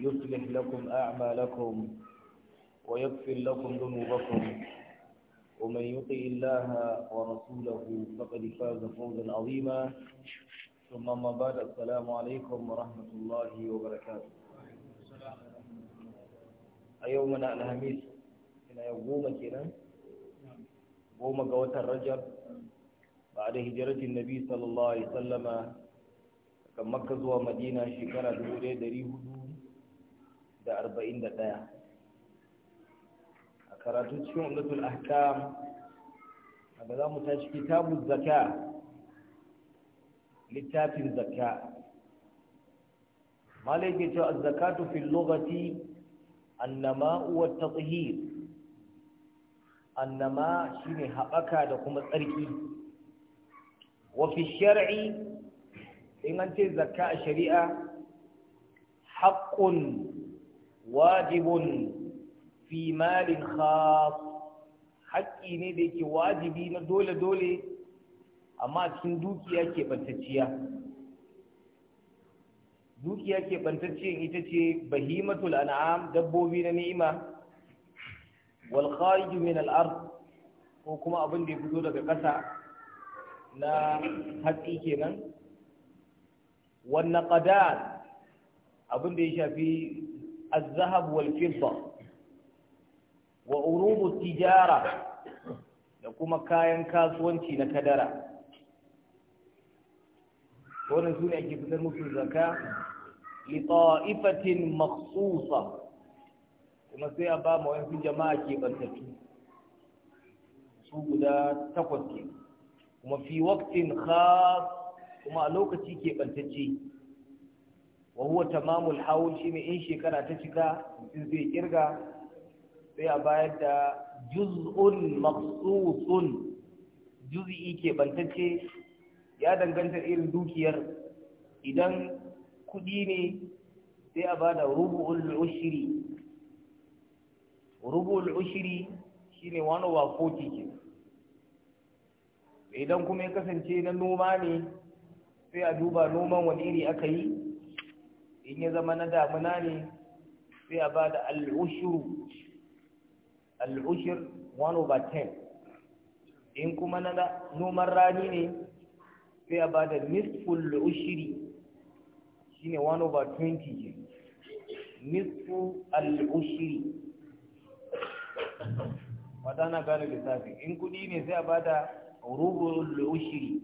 يصلح لكم أعمالكم ويغفر لكم ذنوبكم ومن يطع الله ورسوله فقد فاز فوزا عظيما ثم ما بعد السلام عليكم ورحمة الله وبركاته أيومنا الهميس إن يوم كنا يوم قوة الرجب بعد هجرة النبي صلى الله عليه وسلم كم مكة ومدينة شكرا دولة دريه da arba'in da ɗaya a karatu cikin umdatul ahkam daga za mu ciki tabu zaka littafin zaka malai ke cewa zakatu fil lugati annama wa tathhir annama shine haɓaka da kuma tsarki Wafi shari'i in an ce zakka a shari'a haƙƙun. wajibun fi malin haƙƙi ne da yake wajibi na dole-dole amma cikin dukiya ke bantacciya dukiya ke bantacciyar ita ce bahimatul an'am dabbobi na ni'ima wal khariju min al ard ko kuma abin da ya fito daga ƙasa na hatsi kenan wannan ƙada abin da ya shafi الذهب والفضة وعروض التجارة لكم كاين كاسوانتي نكدرة wannan su ne ake fitar musu zaka lita'ifatin maksusa kuma sai a ba ma wani jama'a ke bantattu su guda takwas ke kuma fi waktin khas kuma a lokaci ke bantacce wa huwa tamamul haul shine in shekara ta cika mutum zai kirga sai a bayar da juz'un maqsusun juz'i ke bantacce ya danganta irin dukiyar idan kudi ne sai a bada rubu'ul ushri rubu'ul ushri shine 1 over 40 ke idan kuma ya kasance na noma ne sai a duba noman wani iri aka yi ya zama na damuna ne sai a ba da al'ushuru al'ushir 1 over 10 in kuma na noman rani ne sai a ba da nisful al'ushiri shi ne 1 over 20 nisful al'ushiri wata na gane lissafi in kudi ne sai a ba da rubur al'ushiri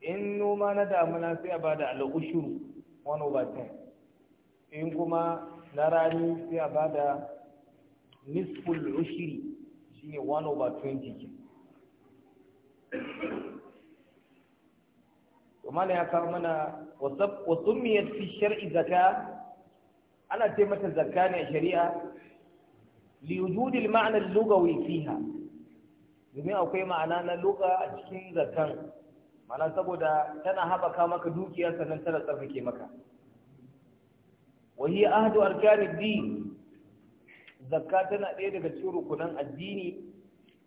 in noma na damuna sai a ba da al'ushuru one over ten in kuma na rani sai a ba da nisful ushiri shi ne 1 over 20 ke kuma ya kawo mana wasu miyar fi shar'i zaka ana ce mata zakka ne a shari'a liyujudil ma'anar lugawi fiha domin akwai ma'ana na luga a cikin zakan mana saboda tana haɓaka maka dukiya sannan tana tsarkake maka wahi ahdu arkanin din zakka tana ɗaya daga cikin rukunan addini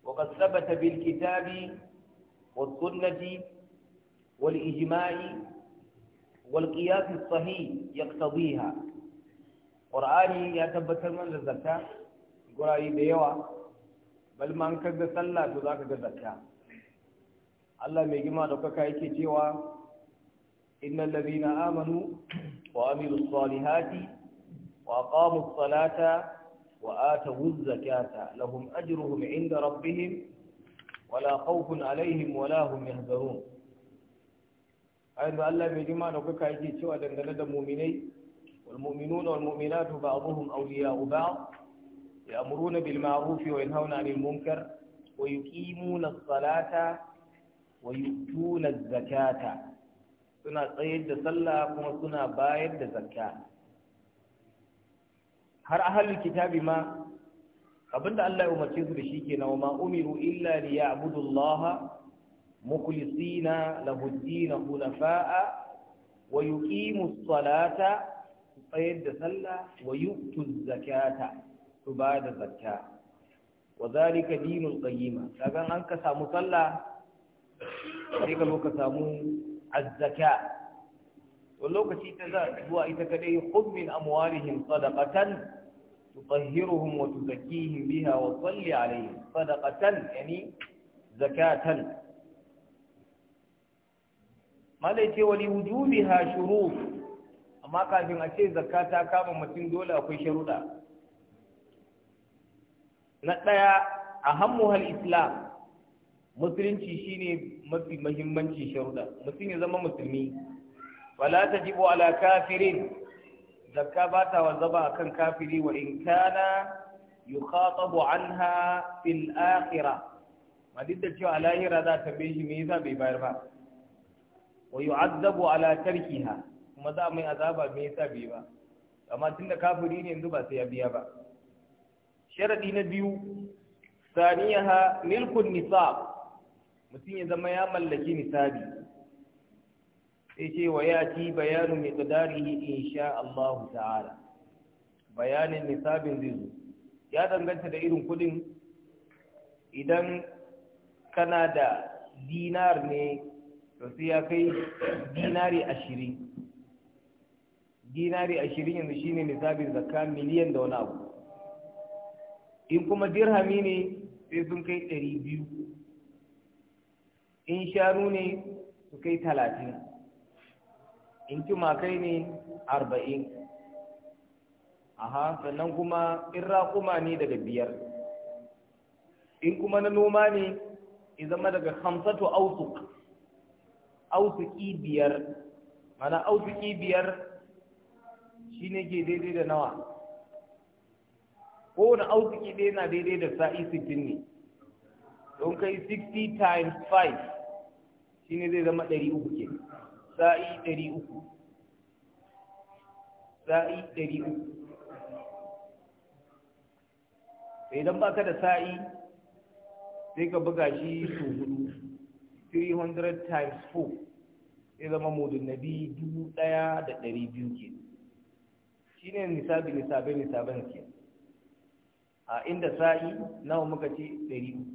wa qad bil kitabi wa sunnati wal ijma'i wal qiyas as sahih yaqtadiha qur'ani ya tabbatar mana da zakka da yawa bal man kaga sallah to zaka ga zakka Allah mai gima da kaka yake cewa innal ladina amanu wa amilus salihati wa aqamus salata wa atawuz zakata lahum ajruhum inda rabbihim wala khawfun alaihim wala hum yahzarun ayyuhu Allah mai gima da kaka yake cewa dangane da mu'minai wal mu'minuna wal mu'minatu ba'dhum awliya'u ba'd ya'muruna bil ma'ruf wa yanhauna 'anil munkar wa yuqimuna as-salata wayutuna zakata suna tsayar da sallah kuma suna bayar da zakka har ahlul kitabi ma abinda Allah ya umarce su da shi ke nawa ma umiru illa liya'budu Allah mukhlisina lahu din hunafa'a wa yuqimu as-salata tsayar da sallah wa yu'tu zakata su bada da zakka wa zalika dinul qayyima kaga an ka samu sallah sai ka zo ka samu azzaka to lokaci ta za zuwa ita kadai khudh min amwalihim sadaqatan tutahhiruhum wa tuzakkihim biha wa salli alayhim sadaqatan yani zakatan malai ce wali wujubiha shuruf amma kafin a ce zakka ta kama mutum dole akwai sharuda na ɗaya daya hal islam musulunci shine mafi mahimmanci sharuda mutum ya zama musulmi wala jibo ala kafirin zakka ba ta wazaba kan kafiri wa in kana an ha fil ma duk da cewa lahira za ta bai shi me yasa bai bayar ba wa yu'azzabu ala tarkiha kuma za mai azaba me yasa bai ba amma tunda kafiri ne yanzu ba sai ya biya ba Sharaɗi na biyu saniyaha milkun nisab mutum ya zama ya mallaki nisabi sai ce wa ya ci bayanin mai in sha? Allah ta'ala bayanin nisabin zai zo ya danganta da irin kudin idan kana da dinar ne to sai ya kai dinari ashirin dinari ashirin yanzu shine nisabin zakka miliyan da wani abu in kuma dirhami ne sai sun kai ɗari biyu in shanu ne su kai talatin in tumakai ne arba'in aha sannan kuma in raƙuma ne daga biyar in kuma na noma ne in zama daga hamsatu ausuk ausuki biyar mana ausuki biyar shi ne ke daidai da nawa kowane ausuki ɗaya na daidai da sa'i sittin ne don kai 60 times 5 shine zai zama 300 ke sa'i 300 sa'i 300 idan baka da sa'i sai ka buga shi su hudu 300 times 4 sai zama mudun nabi 1200 ke shine nisabi nisabe nisaben ke a inda sa'i nawa muka ce 300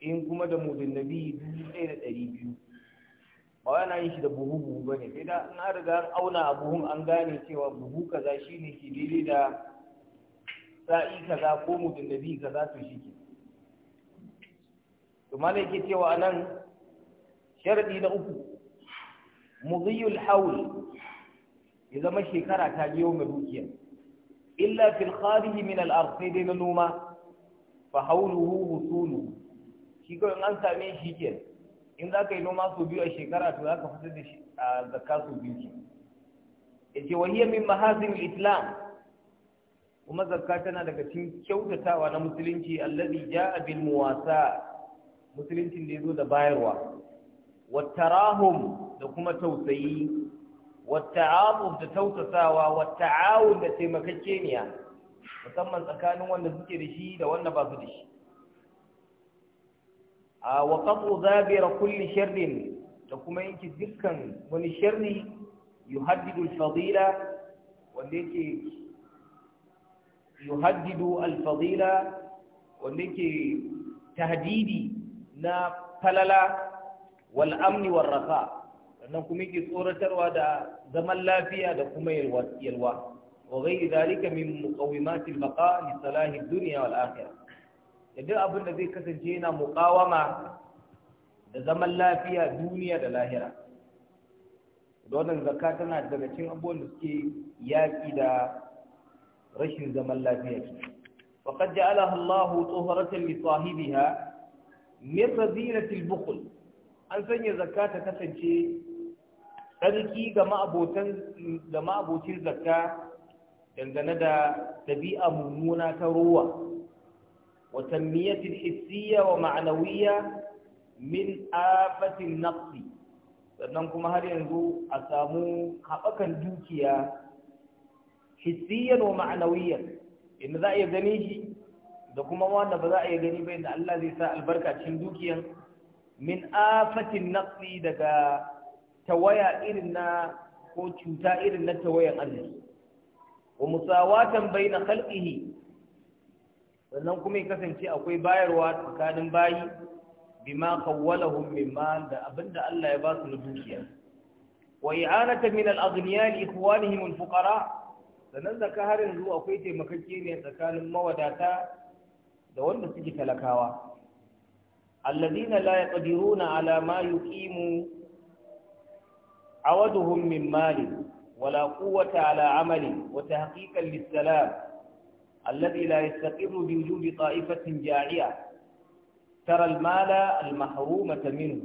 in kuma da mudun nabi dubu ɗaya da ɗari biyu ba wani ana yin shi da buhu buhu ba ne sai da an riga an auna a buhun an gane cewa buhu kaza shi ne ke daidai da sa'i kaza ko mudun nabi kaza to shi ke to malai ke cewa anan sharadi na uku mudhiyul hawl ya zama shekara ta biyo mai dukiya. illa fil khadihi min al ardh sai dai na noma fa hawluhu husuluhu shi kawai an same shi ke in za ka yi noma sau biyu a shekara to za ka fitar da zakka a biyu ke ya ce wahiyar min mahazin islam kuma zakka tana daga cikin kyautatawa na musulunci allazi ja'a abin muwasa musuluncin da da bayarwa wattarahum da kuma tausayi watta'abud da tausasawa watta'awun da taimakakeniya musamman tsakanin wanda suke da shi da wanda ba su da shi Ah, wa qat'u zabira kulli sharrin da kuma yanke dukkan wani sharri yuhaddidu al-fadila wanda yake yuhaddidu al-fadila wanda yake tahdidi na falala wal amni war rafa sannan kuma yake tsoratarwa da zaman lafiya da kuma yalwa wa ghairi dalika min muqawimatil baqa li salahi ad-dunya wal akhirah da duk abin da zai kasance yana muƙawama da zaman lafiya duniya da lahira donin zakka tana daga cikin abubuwan da suke yaƙi da rashin zaman lafiya ce faqad ja'alaha Allahu tuharatan li sahibiha min fadilati al an sanya zakka ta kasance tsarki ga ma'abotan ga ma'abocin zakka dangane da tabi'a mummuna ta ruwa وتنمية حسية ومعنوية min afatin nafsi sannan kuma har yanzu a samu haɓakan dukiya hissiyan wa ma'anawiyan inda za a iya gani shi da kuma wanda ba za a iya gani ba inda Allah zai sa albarka cikin dukiyan min afatin nafsi daga tawaya irin na ko cuta irin na tawayan arziki wa musawatan bayna khalqihi sannan kuma ya kasance akwai bayarwa tsakanin bayi bima kawwalahum min ma, da abinda Allah ya ba su na dukiya wa i'anata min al-aghniya li ikhwanihim al-fuqara sannan zaka har yanzu akwai taimakake ne tsakanin mawadata da wanda suke talakawa alladhina la yaqdiruna ala ma yuqimu awaduhum min mali wala quwwata ala amali wa tahqiqan lis-salam الذي لا يستقر بوجود طائفة جاعية ترى المال المحرومة منه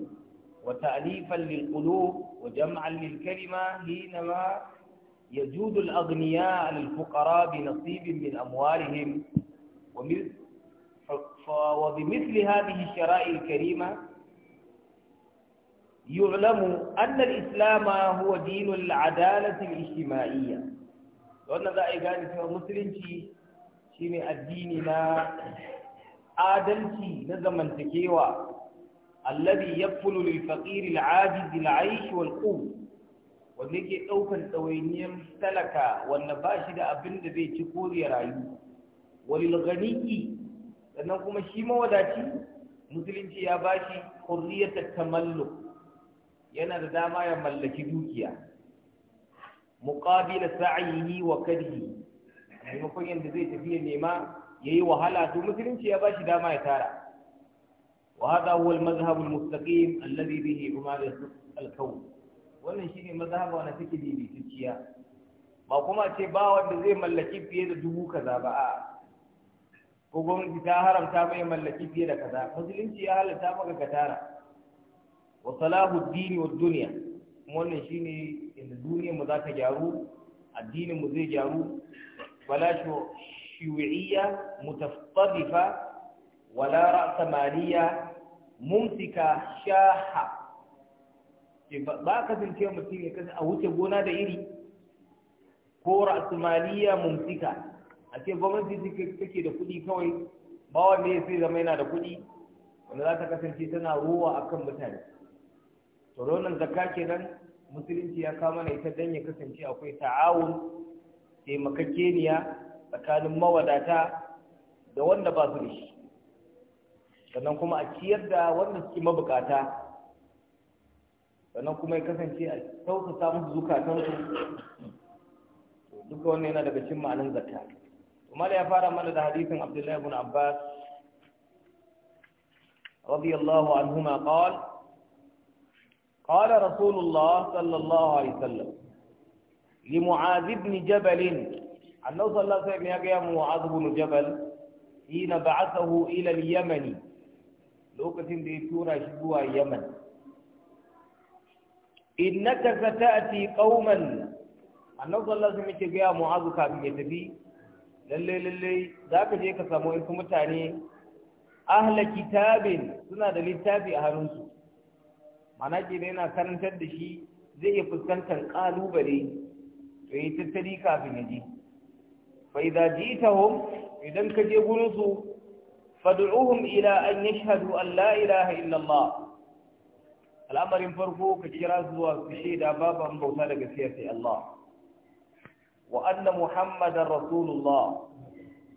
وتأليفا للقلوب وجمعا للكلمة حينما يجود الأغنياء للفقراء بنصيب من أموالهم وبمثل هذه الشرائع الكريمة يعلم أن الإسلام هو دين العدالة الاجتماعية وأن ذا إيجان في المسلم shine addini na adalci na zamantakewa alladhi yakfulu lil faqir al ajiz al aish wal wanda yake daukan tsawainiyar talaka wanda ba shi da abin da zai ci ko ya rayu walil ghaniki sannan kuma shi mawadaci musulunci ya bashi hurriyatat tamalluk yana da dama ya mallaki dukiya muqabila yi wa kadhi maimakon yadda zai tafi ya nema ya yi wahala to musulunci ya ba shi dama ya tara wa hada huwa al-mazhab al-mustaqim alladhi bihi umar al-kawn wannan shine mazhaba wanda take bibiticiya ba kuma ce ba wanda zai mallaki fiye da dubu kaza ba a ko gwamnati ta haramta mai mallaki fiye da kaza musulunci ya halatta maka ka tara wa salahu ad wa ad-dunya wannan shine inda duniyar mu za ta gyaru addinin mu zai gyaru ولا شيوعية متفتضفة ولا رأسمالية ممسكة شاحة ba ka kasance ya kasa a wuce gona da iri ko ra'asumaliya mumsika a ce gwamnati take da kuɗi kawai ba wanda ya sai zama yana da kuɗi wanda za ta kasance tana ruwa akan mutane to ronan zakka kenan musulunci ya kama na ita dan ya kasance akwai ta'awun taimakakeniya tsakanin mawadata da wanda ba su da shi sannan kuma a ciyar da wanda suke mabukata sannan kuma ya kasance a tausasa musu zukatansu duka wannan yana daga cin ma'anin zakka kuma da ya fara mana da hadisin abdullahi ibn abbas radiyallahu anhuma qala qala rasulullah sallallahu alaihi wasallam li mu'adh ibn Jabalin, annahu sallallahu alaihi wasallam ya ga mu'adh ibn jabal hina ba'athahu ila al-yaman lokacin da ya tura shi zuwa yaman innaka sata'ti qauman annabi sallallahu alaihi wasallam ya ga mu'azu kafin ya tafi lalle lalle zaka je ka samu wasu mutane ahla kitabin suna da littafi a hannunsu mana ke na karantar da shi zai iya fuskantar kalubale to yi tattali kafin ya ji fa idza jitahum idan ka je gurin Fadu'uhun fad'uhum ila an yashhadu an la ilaha illa al'amarin farko ka kira zuwa su shaida babu an bauta daga gaskiya sai Allah wa anna Muhammadan rasulullah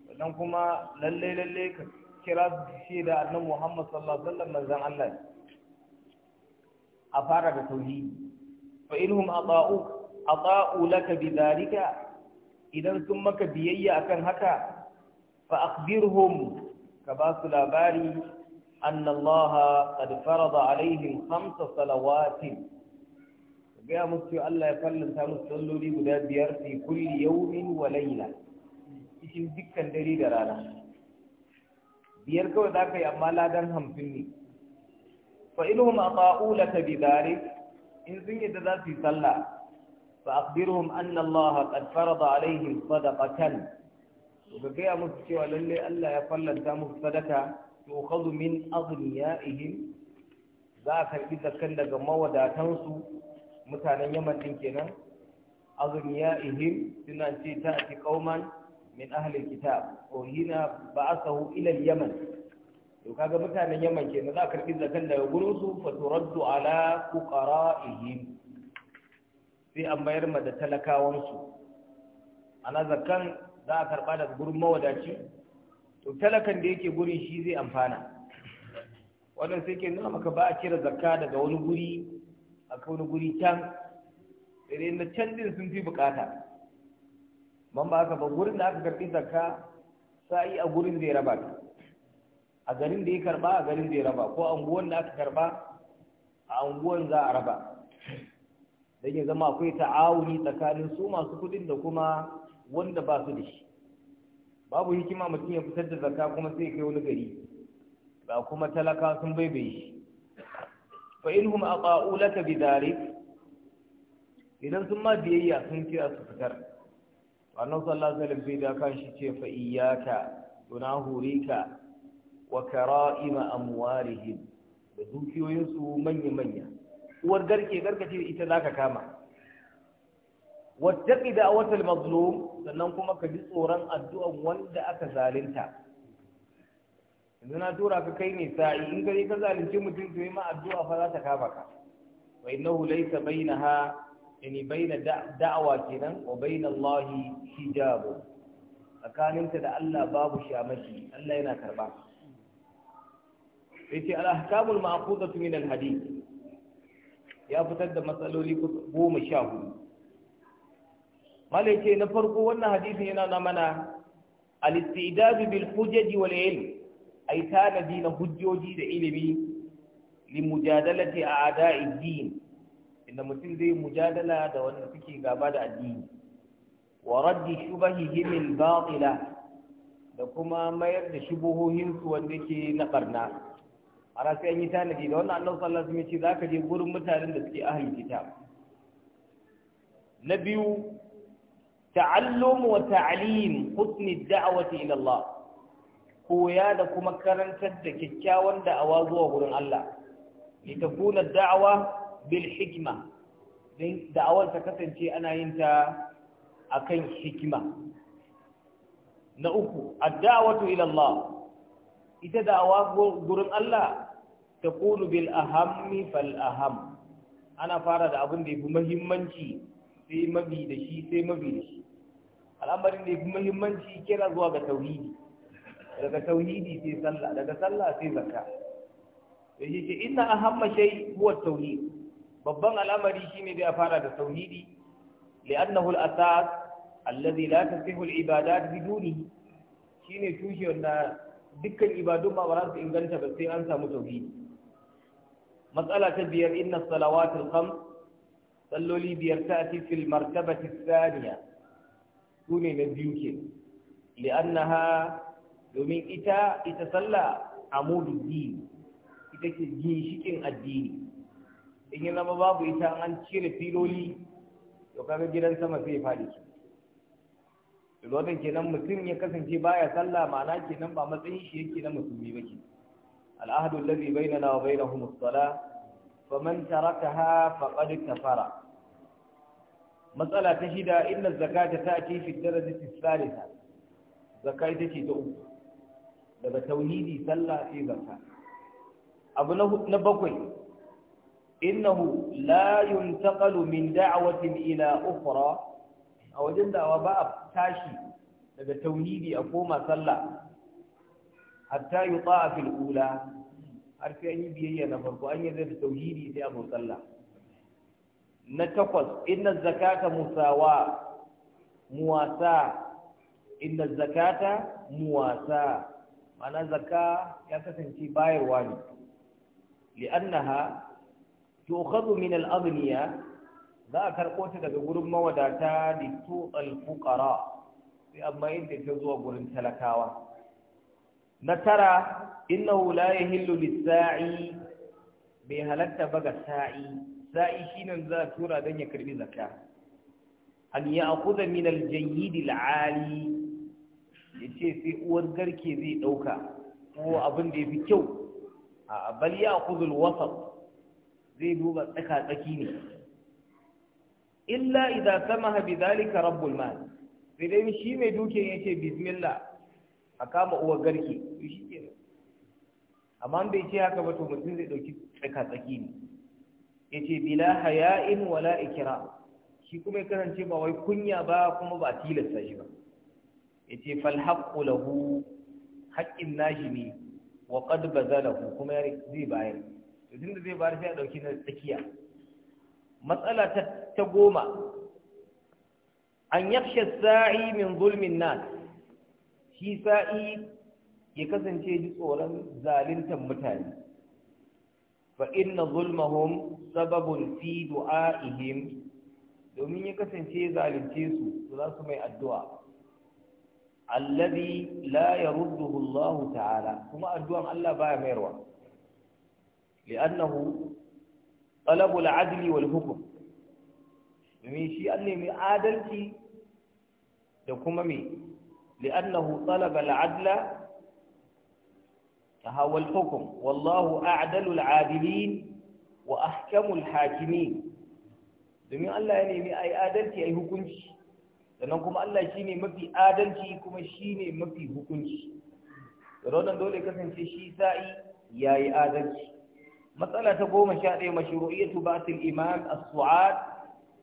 sannan kuma lalle lalle ka kira su shaida annan Muhammad sallallahu alaihi wasallam manzon Allah a fara da tauhidi fa inhum ata'uk ata'u laka bidhalika idan sun maka biyayya akan haka fa akhbirhum ka ba su labari annallaha qad farada alaihim khamsa salawatin gaya musu Allah ya fallanta musu guda biyar fi kulli yawmin wa layla cikin dare da rana biyar kawai za ka yi amma ladan hamsin ne fa ilhum ata'u laka bidhalik in sun yadda za su sallah فأخبرهم أن الله قد فرض عليهم صدقة وبقي مستوى للي ألا يقل الدم صدقة تؤخذ من أغنيائهم ذاك إذا كان لك مودة تنسو متانا يمن كنا أغنيائهم سنانتي تأتي قوما من أهل الكتاب وهنا بعثه إلى اليمن وكذا متانا يمن كنا ذاك إذا كان لك فترد على فقرائهم sai an bayar ma da talakawansu ana zakan za a karɓa daga gurin mawadaci to talakan da yake gurin shi zai amfana wannan sai ke nuna maka ba a cire zakka daga wani guri a wani guri can sai na can din sun fi bukata ban ba haka ba gurin da aka karɓi zakka sa'i a gurin zai raba ta a garin da ya karba a garin zai raba ko anguwan da aka karba a anguwan za a raba don ya zama akwai ta'awuni tsakanin su masu kudin da kuma wanda ba su da shi babu hikima mutum ya fitar da zakka kuma sai kai wani gari ba kuma talaka sun baibaye shi fa hum aqa'u laka dhalik idan sun ma biyayya sun kira su fitar wannan sallallahu alaihi wasallam da kan shi ce fa iyyaka Tunahurika wa kara'ima amwarihim da dukiyoyinsu manya manya uwar garke garkace ita zaka kama wattaqi da'watal mazlum sannan kuma ka ji tsoron addu'an wanda aka zalunta yanzu na tura ka kai ne sa'i in gari ka zalunci mutum to ma addu'a fa za ta kama ka wa innahu laysa bainaha yani baina da'awa kenan wa baina Allah hijabu tsakaninta da Allah babu shamaki Allah yana karba yace al-ahkamul ma'khudatu min al-hadith ya fitar da matsaloli goma sha hudu malai na farko wannan hadisin yana na mana al-istidadu bil hujaji wal ilm ay tanadi na hujjoji da ilimi li mujadalati a'da'i din inda mutum zai mujadala da wanda suke gaba da addini wa raddi shubahihi min batila da kuma mayar da shubuhohin su wanda ke na barna a sai an yi tanadi da wannan annabi sallallahu alaihi wasallam ce zaka je gurin mutanen da suke ahlul kitab na biyu ta'allum wa ta'lim husni da'wati ila Allah koya da kuma karantar da kyakkyawan da'awa zuwa gurin Allah litakuna da'awa bil hikma din da'awar ta kasance ana yin ta akan hikima na uku ad-da'watu ila Allah ita da'awa gurin Allah taqulu bil ahammi fal aham ana fara da abin da yafi muhimmanci sai mabi da shi sai mabi da shi al'amarin da yafi muhimmanci kira zuwa ga tauhidi daga tauhidi sai sallah daga sallah sai zakka yaji ce inna ahamma shay huwa tauhid babban al'amari shine da ya fara da tauhidi li'annahu al-asas alladhi la tasihu al-ibadat bidunihi shine tushe wanda dukkan ibadun ba ba inganta ba sai an samu tauhidi matsala ta biyar inna salawatul khams salloli biyar ta ati fil martabati thaniya sune na biyu ke annaha, domin ita ita sallah amudu din ita ke ginshikin addini in yi zama babu ita an cire filoli to kaga gidan sama sai ya fadi su lokacin kenan mutum ya kasance baya sallah ma'ana kenan ba matsayin shi yake na musulmi ba kenan العهد الذي بيننا وبينهم الصلاة فمن تركها فقد كفر مسألة تشهد إن الزكاة تأتي في الدرجة الثالثة زكاة تشهد تؤم لما توهيدي سلى في زكاة أبو نبقي إنه لا ينتقل من دعوة إلى أخرى أو جند أو باب تاشي لما توهيدي أقوم سلى hatta yi a fil ula har sai an yi biyayya na farko an yi zai tauhidi sai a musalla na takwas inna zakata musawa muwasa inna zakata muwasa ma'ana zakka ya kasance bayarwa ne li'annaha tu'khadhu min al-aghniya za a karɓo ta daga gurin mawadata da tuɓal fukara sai amma inda ta zuwa gurin talakawa na tara innahu la ya lis-sa'i bai halatta ba ga sa'i sa'i nan za tura dan ya karbi zakka an ya'khudha min al da al ya ce sai uwar garke zai dauka ko abin da yafi kyau a bal ya'khudhu al-wasat zai duba tsaka tsaki ne illa sama samaha bidhalika rabbul mal sai dai shi mai ya yace bismillah a kama uwar garki to shi ke amma bai ce haka ba to mutum zai ɗauki tsaka-tsaki ne ya bila haya'in wala ikira shi kuma ya kasance ba wai kunya ba kuma ba tilasta shi ba ya ce haqqu lahu haƙƙin nashi ne wa qad ba kuma ya zai bayar to tun da zai bayar sai a na tsakiya matsala ta goma an yakshe sa'i min zulmin nas kisa'i ya kasance ji tsoron zaluntar mutane fa inna zulmahum sababun fi du'a'ihim domin ya kasance zalunce su za su mai addu'a allazi la yarudduhu Allah ta'ala kuma addu'an Allah baya mayarwa li'annahu talabul adli wal hukm domin shi an nemi adalci da kuma me لأنه طلب العدل فهو الحكم والله أعدل العادلين وأحكم الحاكمين domin Allah ya nemi a adalci a yi hukunci sannan kuma Allah shi ne mafi adalci kuma shi ne mafi hukunci raunin dole kasance shi sa'i ya yi adalci matsala ta goma sha ɗaya mashiru'iyyatu batil imam as-su'ad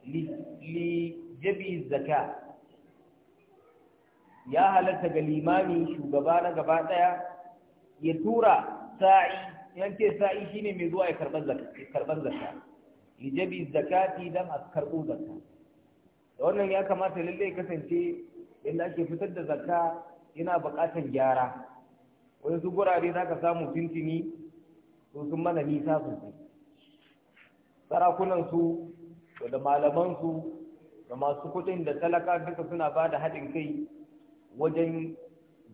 li jabi zaka ya halatta ga limami shugaba na gaba ɗaya ya tura sa'i yanke sa'i shine mai zuwa ya karɓar zakka Lijabi zakati dan a karɓo zakka da wannan ya kamata lallai kasance yadda ake fitar da zakka yana buƙatar gyara wani su gurare za ka samu tuntuni to sun mana nisa sosai sarakunan su da malaman su da masu kuɗin da talaka duka suna ba da haɗin kai wajen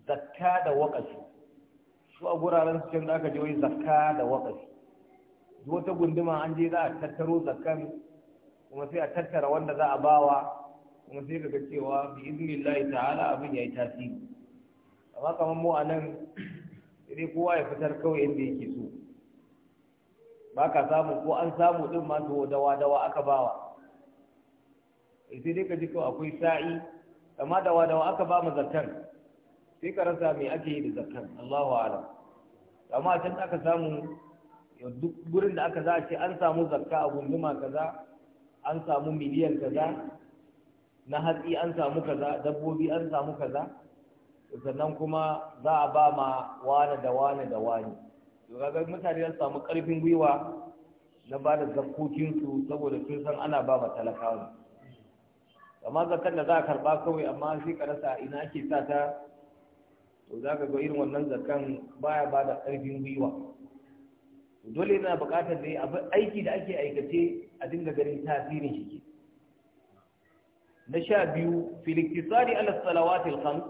zakka da waƙafi su a guraren su can za ka je wai zakka da duk wata gunduma an je za a tattaro zakkan kuma sai a tattara wanda za a bawa kuma sai ga cewa bi iznillahi ta'ala abin yayi tasiri amma kamar mu a nan sai kowa ya fitar kawai inda yake so ba ka samu ko an samu din ma to dawa dawa aka bawa sai dai ka ji to akwai sa'i amma da wadawa aka ba mu zakkan sai ka rasa me ake yi da zakkan Allahu a'lam amma tun aka samu duk gurin da aka za a ce an samu zakka a gunduma kaza an samu miliyan kaza na hatsi an samu kaza dabbobi an samu kaza sannan kuma za a ba ma wane da wane da wane to kaga mutane sun samu karfin gwiwa na ba da su saboda sun san ana ba ma talakawa amma zakar da za a karba kawai amma sai ka rasa ina ake sa ta to za ka ga irin wannan zakan baya ba da ƙarfin gwiwa dole yana buƙatar da aiki da ake aikace a dinga ganin tasirin shi na sha biyu filiktisari ala salawatil kan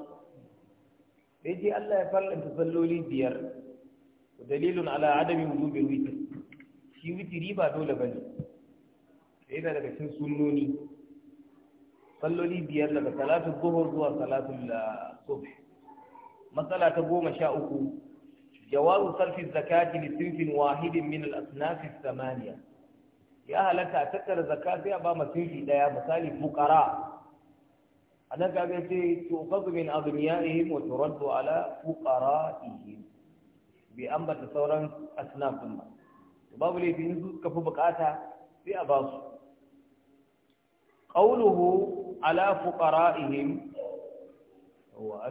dai je Allah ya faranta salloli biyar dalilun ala adami wujubil witr shi witri ba dole bane yana daga cikin sunnoni salloli biyar daga salatu zuhur zuwa salatu ah, subh matsala ta goma sha uku jawazu sarfi zakati li sinfin wahidin min al-asnaf samaniya ya halatta a tattara zakka sai a ba ma sinfi daya misali fuqara anan kaga sai tuqadu min adniyaihim wa turaddu ala fuqaraihim bi ambata sauran asnafin ba babu laifin su suka fi bukata sai a ba su ƙauluhu ala fuqara'ihim wa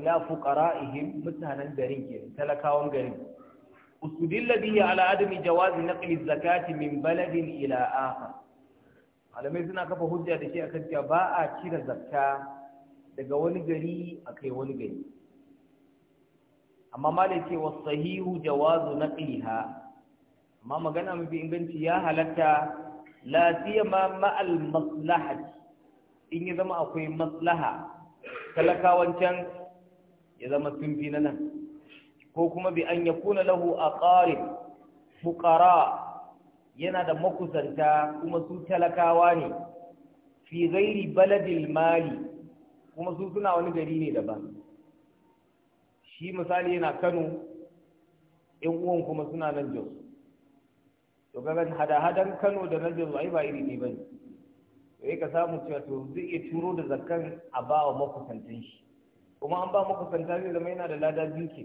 mutanen garin ke talakawan garin usudilla bihi ala adami jawazi naqli zakati min baladin ila akhar malamai suna kafa hujja da shi akan cewa ba a cire zakka daga wani gari akai wani gari amma malai ce wasahihu jawazu naqliha amma magana mafi inganci ya halatta la siyama ma'al maslahati in ya zama akwai maslaha talakawan can ya zama sun fi na nan ko kuma bi an ya lahu a ƙarin fukara yana da makusanta kuma su talakawa ne fi gairi baladil mali kuma su suna wani gari ne daban shi misali yana kano yan uwan kuma suna nan jos to kaga hada-hadan kano da nan jos ba iri ne ba ne sai ka samu cewa to zai iya turo da zakkan a ba wa makusantan shi kuma an ba makusanta zai zama yana da lada biyu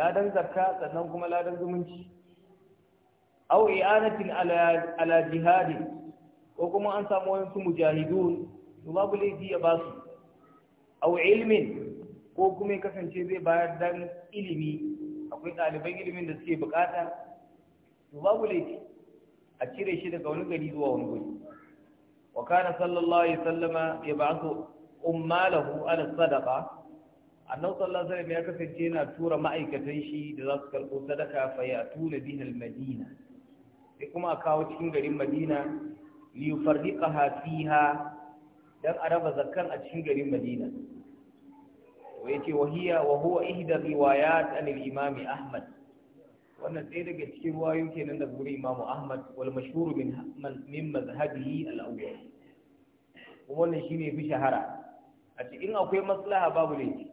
ladan zakka sannan kuma ladan zumunci au i'anatin ala jihadi ko kuma an samu wani mujahidun to babu laifi ya ba su au ilmin ko kuma ya kasance zai bayar dan ilimi akwai ɗaliban ilimin da suke bukata to babu laifi a cire shi daga wani gari zuwa wani gari وكان صلى الله عليه وسلم يبعث أماله على الصدقة annabi sallallahu alaihi wasallam ya kasance yana tura ma'aikatan shi da za su karɓo sadaka fa ya tuna biha al sai kuma a kawo cikin garin madina li yufarriqaha fiha dan a raba zakkan a cikin garin madina wa yace wa hiya wa huwa al-imam ahmad wannan ɗaya daga cikin ruwayo kenan da guri imamu ahmad wal mashhuru min min mazhabihi al awwal kuma wannan shine fi shahara a ce in akwai maslaha babu ne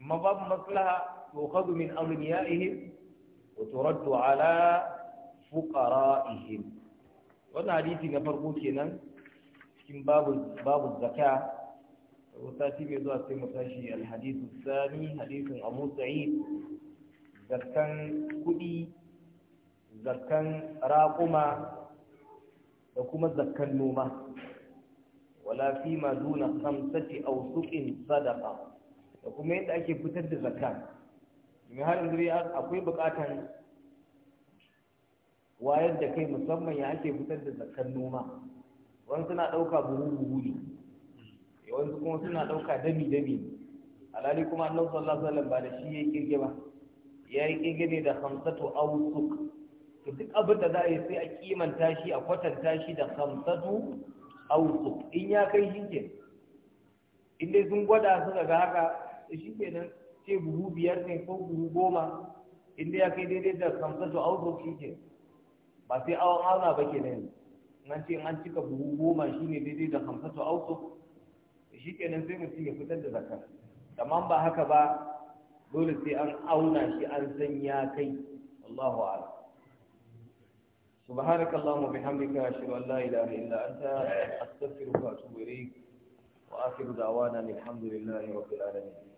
amma babu maslaha tukhadu min awliyaihim wa turaddu ala fuqara'ihim wannan hadisi na farko kenan cikin babu babu zakka wata mai zuwa sai mu tashi al hadisin abu sa'id zakkan kuɗi zakkan raƙuma da kuma zakkan noma wala fi ma duna khamsati aw suqin sadaqa da kuma yadda ake fitar da zakka mai halin zuri akwai bukatan wayar da kai musamman ya ake fitar da zakkan noma wani suna ɗauka buhu buhu ne yawanci kuma suna ɗauka dami dami ne kuma annabi sallallahu alaihi wasallam ba da shi ya girgiba ba ya yi ƙigiri da hamsatu ausuk to duk abin da za a yi sai a kimanta shi a kwatanta shi da hamsatu ausuk in ya kai shi ke in dai sun gwada suka ga haka shi ke nan ce buhu biyar ne ko buhu goma in dai ya kai daidai da hamsatu ausuk shi ke ba sai awon auna ba ke nan nan ce an cika buhu goma shi ne daidai da hamsatu ausuk shi ke nan sai mutum ya fitar da zakar amma ba haka ba dole sai an auna shi an san ya kai Allahu a'lam سبحانك اللهم وبحمدك أشهد أن لا إله إلا أنت أستغفرك وأتوب إليك وآخر دعوانا الحمد لله رب العالمين